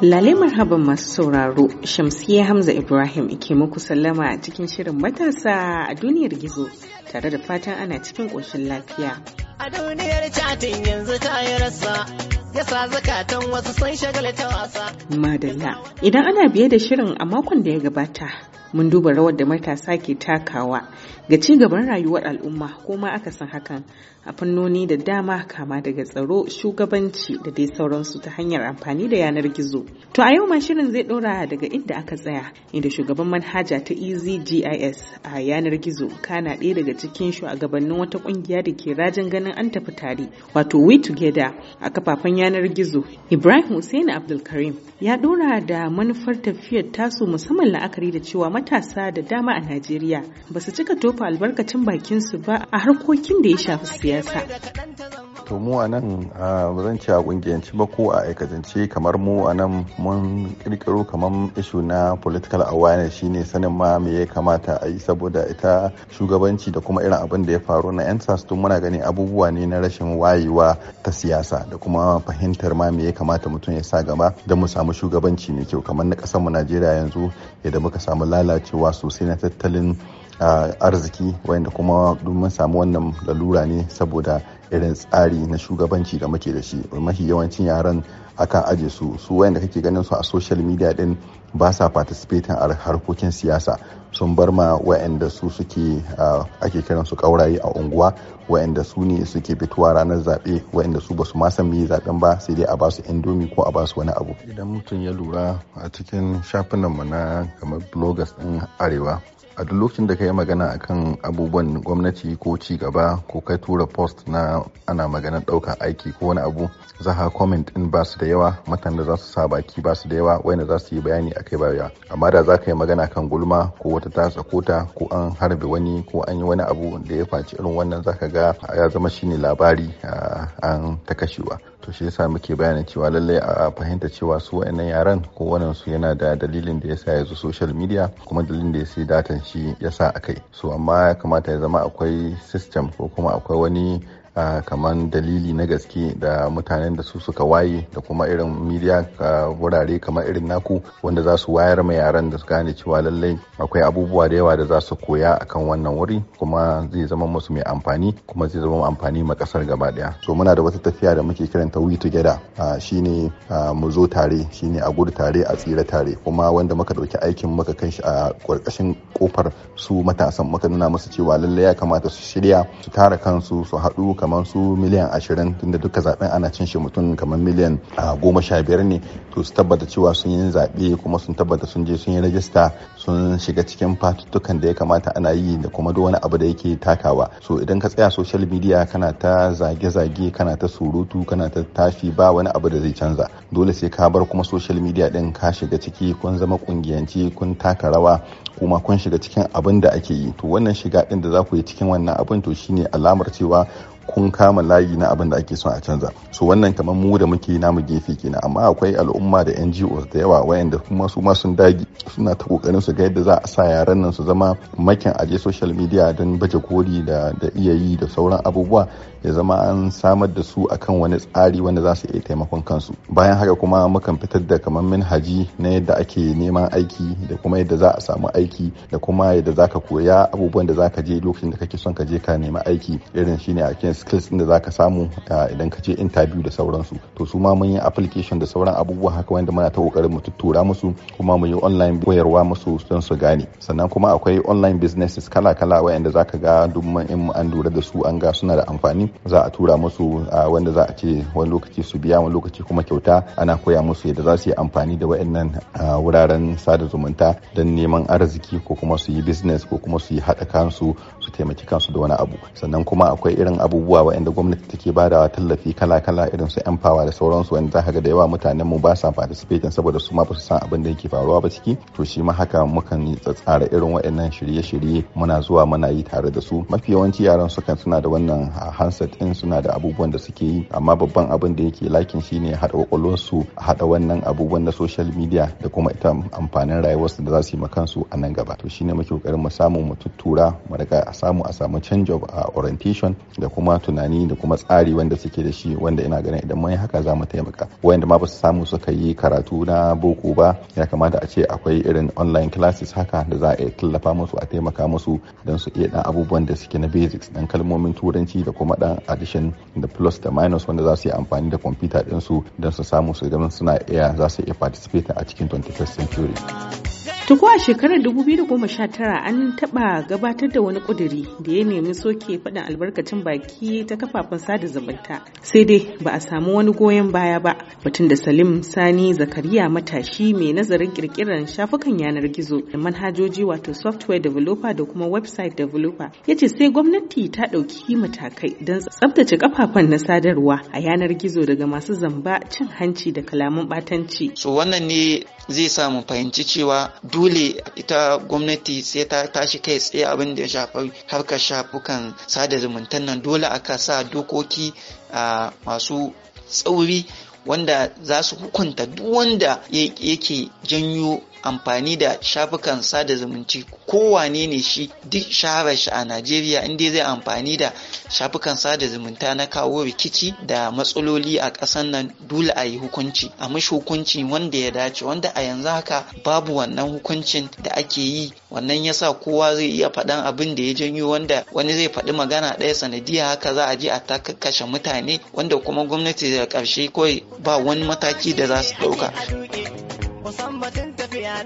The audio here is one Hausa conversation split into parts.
Lale marhaban masu sauraro Shamsiyya Hamza Ibrahim ke muku sallama a cikin shirin matasa a duniyar gizo tare da fatan ana cikin ƙoshin lafiya. A duniyar catin yanzu ta yi rasa yasa zakatan wasu sun ta wasa. Madalla, idan ana biye da shirin a makon da ya gabata, mun duba rawar da matasa ke takawa ga ci gaban rayuwar al'umma ko ma aka san hakan a fannoni da dama kama daga tsaro shugabanci da dai sauransu ta hanyar amfani da yanar gizo to a yau ma shirin zai dora daga inda aka tsaya inda shugaban manhaja ta EZGIS a yanar gizo kana ɗaya daga cikin shugabannin wata kungiya da ke rajin ganin an tafi tare wato we together a kafafen yanar gizo ibrahim hussein abdulkarim ya dora da manufar tafiyar tasu musamman la'akari da cewa matasa da dama a Najeriya ba su cika tofa albarkacin bakinsu ba a harkokin da ya shafi siyasa. to mu a nan ba zan ce a kungiyanci ba ko a aikatance kamar mu a nan mun kirkiro kamar ishu na political awareness shine sanin ma me ya kamata a yi saboda ita shugabanci da kuma irin abin da ya faru na yan tun muna gani abubuwa ne na rashin wayewa ta siyasa da kuma fahimtar ma me ya kamata mutum ya sa gaba da mu samu shugabanci mai kyau kamar na kasar mu Najeriya yanzu yadda muka samu lalacewa sosai na tattalin arziki wanda kuma domin samu wannan lalura ne saboda irin tsari na shugabanci da muke da shi mafi yawancin yaran akan aje su su wayanda kake ganin su a social media din ba sa participate a harkokin siyasa sun bar ma wayanda su suke ake kiran su kauraye a unguwa wayanda su ne suke fitowa ranar zaɓe wayanda su basu ma san me zaɓen ba sai dai a ba su indomi ko a ba su wani abu idan mutum ya lura a cikin shafinan mu na kamar bloggers din arewa a duk lokacin da ka yi magana akan abubuwan gwamnati ko ci gaba ko kai tura post na ana maganar ɗaukar aiki ko wani abu za ka comment din ba su da yawa matan da za su sa baki ba su da yawa wanda za su yi bayani akai ba yawa amma da za ka yi magana kan gulma ko wata ta tsakota ko an harbe wani ko an yi wani abu da ya faci irin wannan za ka ga ya zama shi ne labari ah, an ta kashewa to shi yasa muke bayanin cewa lallai a fahimta cewa su wayannan yaran ko wannan su yana da dalilin da yasa ya zo social media kuma dalilin da ya sayi datan shi yasa akai so amma ya kamata ya zama akwai system ko kuma akwai wani kamar dalili na gaske da mutanen da su suka waye da kuma irin media wurare kamar irin naku wanda za su wayar ma yaran da su gane cewa lallai akwai abubuwa da yawa da za su koya akan wannan wuri kuma zai zama musu mai amfani kuma zai zama amfani ma kasar gaba daya so muna da wata tafiya da muke kiran ta we together shine mu zo tare shine a gudu tare a tsira tare kuma wanda muka dauki aikin muka kai shi a karkashin kofar su matasan muka nuna musu cewa lallai ya kamata su shirya su tara kansu su haɗu kamar su miliyan ashirin tunda duka zaben ana cin shi mutum kamar miliyan goma sha biyar ne to su tabbata cewa sun yi zaɓe kuma sun tabbata sun je sun yi rajista sun shiga cikin fatuttukan da ya kamata ana yi da kuma duk wani abu da yake takawa so idan ka tsaya social media kana ta zage-zage kana ta surutu kana ta tafi ba wani abu da zai canza dole sai ka bar kuma social media din ka shiga ciki kun zama kungiyanci kun taka rawa kuma kun shiga cikin abin da ake yi to wannan shiga din da za ku yi cikin wannan abin to shine alamar cewa kun kama layi na abin da ake son a canza so wannan kamar mu da muke namu gefe kenan amma akwai al'umma da NGOs da yawa wayanda kuma su ma sun dage suna ta kokarin su ga yadda za a sa yaran nan su zama makin aje social media don baje koli da da iya yi da sauran abubuwa ya zama an samar da su akan wani tsari wanda za su iya taimakon kansu bayan haka kuma mukan fitar da kamar minhaji na yadda ake neman aiki da kuma yadda za a samu aiki da kuma yadda za ka koya abubuwan da za ka je lokacin da kake son ka je ka nemi aiki irin shine a skills din da zaka samu idan ka je interview da sauransu to su ma mun yi application da sauran abubuwa haka wanda muna ta kokarin mu tuttura musu kuma mu yi online koyarwa musu don su gane sannan kuma akwai online businesses kala kala wayanda zaka ga duk in an lura da su an ga suna da amfani za a tura musu wanda za a ce wani lokaci su biya wani lokaci kuma kyauta ana koya musu yadda za su yi amfani da wayannan wuraren sada zumunta don neman arziki ko kuma su yi business ko kuma su yi haɗa kansu su taimaki kansu da wani abu sannan kuma akwai irin abubuwa abubuwa waɗanda gwamnati take badawa tallafi kala-kala irin su empower da sauransu wanda za ga da yawa mutanen mu ba sa participating saboda su ma ba su san abin da yake faruwa ba ciki to shi ma haka mukan tsatsara irin waɗannan shirye-shirye muna zuwa muna yi tare da su mafi yawanci yaran sukan suna da wannan handset din suna da abubuwan da suke yi amma babban abin da yake lakin shine haɗa kwakwalwarsu haɗa wannan abubuwan na social media da kuma ita amfanin rayuwarsu da za su yi ma kansu a nan gaba to shine muke kokarin mu samu mu tuttura mu daga a samu a samu change of orientation da kuma tunani da kuma tsari wanda suke da shi wanda ina ganin idan mun haka za mu taimaka wayanda ma ba su samu suka yi karatu na boko ba ya kamata a ce akwai irin online classes haka da za a tallafa musu a taimaka musu don su iya dan abubuwan da suke na basics dan kalmomin turanci da kuma dan addition da plus da minus wanda za su yi amfani da kwamfuta ɗinsu don su samu su idan suna iya za su iya participate a cikin 21st century. Tuku a shekarar 2019 an taɓa gabatar da wani ƙuduri da ya nemi soke faɗin albarkacin baki ta kafafen sada zumunta sai dai ba a samu wani goyon baya ba batun da Salim Sani Zakariya matashi mai nazarin ƙirƙirar shafukan yanar gizo da manhajoji wato software developer da kuma website developer ya ce sai gwamnati ta ɗauki matakai don tsabtace kafafen na sadarwa a yanar gizo daga masu zamba cin hanci da kalaman batanci. So wannan ne zai samu fahimci cewa dole ita gwamnati sai ta tashi kai tsaye abin da ya shafi harkar shafukan sada zumuntan nan dole aka sa dokoki a masu tsauri wanda za su hukunta duk wanda yake janyo amfani da shafukan sada zumunci kowane ne shi duk shaharar shi a najeriya inda zai amfani da shafukan sada zumunta na kawo rikici da matsaloli a kasan nan dole a yi hukunci a mashi hukunci wanda ya dace wanda a yanzu haka babu wannan hukuncin da ake yi wannan yasa kowa zai iya faɗan abin da ya janyo wanda wani zai faɗi magana ɗaya sanadiyya haka za a je a ta mutane wanda kuma gwamnati da ƙarshe kawai ba wani mataki da za su ɗauka.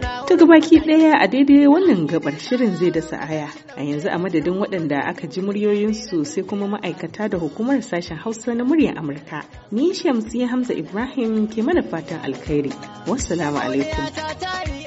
ta gabaki ɗaya a daidai wannan gabar shirin zai da sa'aya a yanzu a madadin waɗanda aka ji muryoyinsu sai kuma ma'aikata da hukumar sashen hausa na muryar amurka ni shamsiya hamza ibrahim ke mana fatan alkhairi wassalamu alaikum